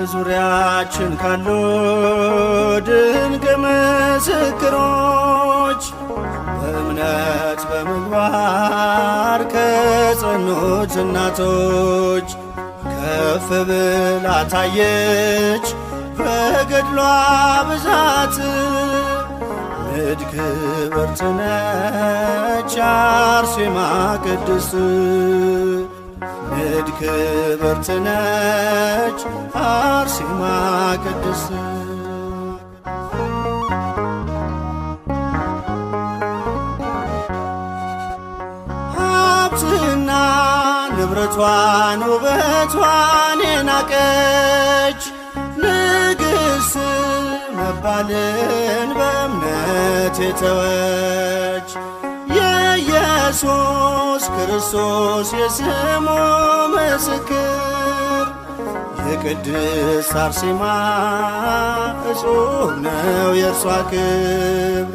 በዙሪያችን ካሉ ድንቅ ምስክሮች በእምነት በምግባር ከጸኑት እናቶች ከፍ ብላ ታየች በገድሏ ብዛት ንድ ክብርት አርሴማ ቅድስት ድንግል ክብርት ነች አርሴማ ቅድስት ሀብትና ንብረቷን ውበቷን የናቀች ንግሥት መባልን በእምነት የተወች ኢየሱስ ክርስቶስ የስሙ ምስክር የቅድስት አርሴማ እጹብ ነው የእርሷ ክብር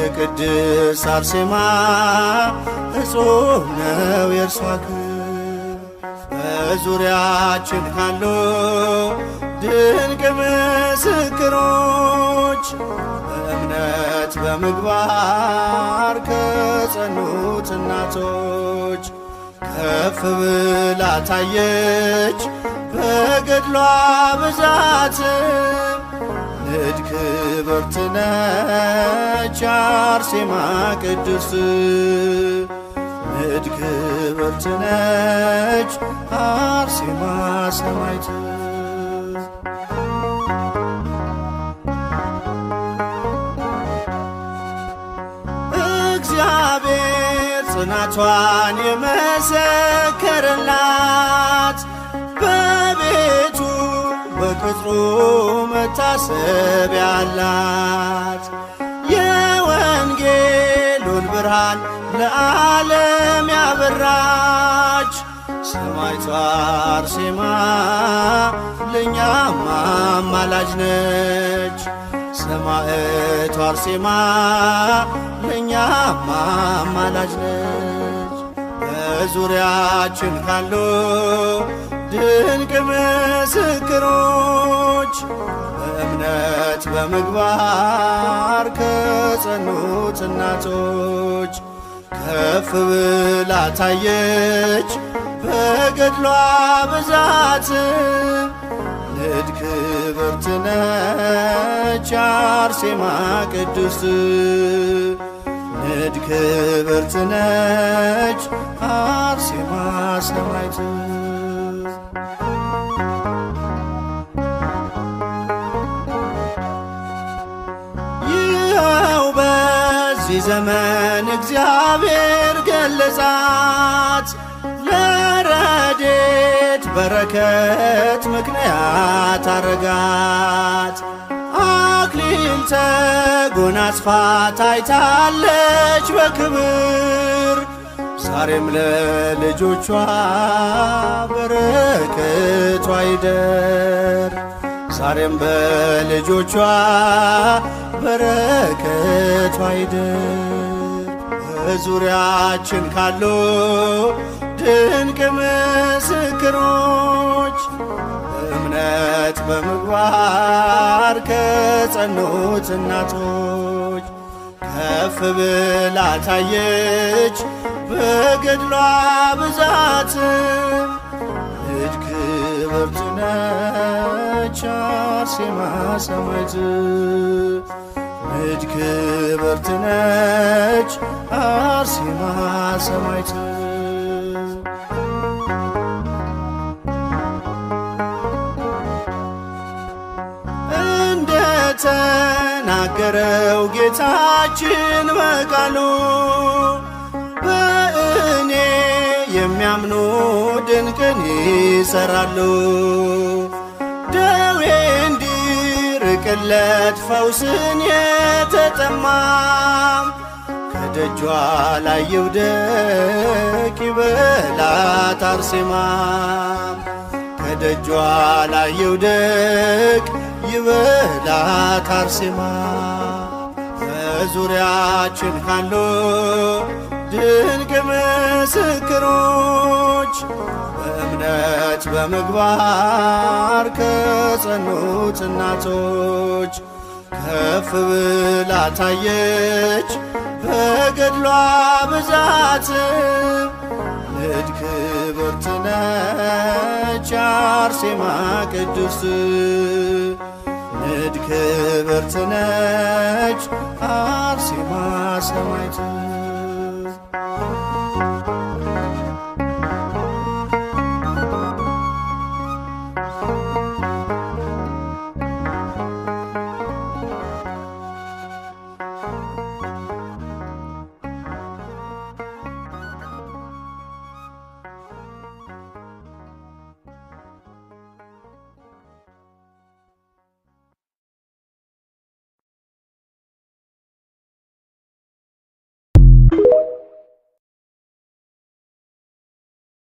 የቅድስት አርሴማ እጹብ ነው የእርሷ ክብር በዙሪያችን ካሉ ድንቅ ምስክሮች ልጆች በእምነት በምግባር ከጸኑት እናቶች ከፍ ብላ ታየች በገድሏ ብዛት ንድ ክብርት ነች አርሴማ ቅድስት ንድ ክብርት ነች አርሴማ ሰማዕት ጽናቷን የመሰከረላት በቤቱ በቅጥሩ መታሰብ ያላት የወንጌሉን ብርሃን ለዓለም ያበራች ሰማዕቷ አርሴማ ለእኛም አማላጅ ነች። ሰማዕቷ አርሴማ ለእኛ አማላጅ ነች። በዙሪያችን ካሉ ድንቅ ምስክሮች በእምነት በምግባር ከጸኑት እናቶች ከፍ ብላ ታየች በገድሏ ብዛት ንድ የሆነች አርሴማ ቅድስት ንድ ክብርት ነች አርሴማ ሰማይት ይኸው በዚህ ዘመን እግዚአብሔር ገለጻት ለረዴት በረከት ምክንያት አረጋት አክሊል ተጎናጽፋ ታይታለች በክብር ዛሬም ለልጆቿ በረከቷ ይደር ዛሬም በልጆቿ በረከቷ ይደር በዙሪያችን ካሉ ድንቅ ምስክሮች እምነት በምግባር ከ የጸኑት እናቶች ከፍ ብላ ታየች በገድሏ ብዛት ልጅ ክብርት ነች አርሴማ ሰማዕት ልጅ ክብርት ነች አርሴማ ሰማዕት ተናገረው ጌታችን በቃሉ በእኔ የሚያምኑ ድንቅን ይሰራሉ። ደዌ እንዲርቅለት ፈውስን የተጠማም ከደጇ ላይ ይውደቅ ይበላት አርሴማም ከደጇ ላይ ይውደቅ ይበላት አርሴማ በዙሪያችን ካሉ ድንቅ ምስክሮች በእምነት በምግባር ከጸኑት እናቶች ከፍ ብላ ታየች በገድሏ ብዛት ንድ ክብርት ነች አርሴማ ቅድስት እድ ክብርት ነች አርሴማ ሰማዕት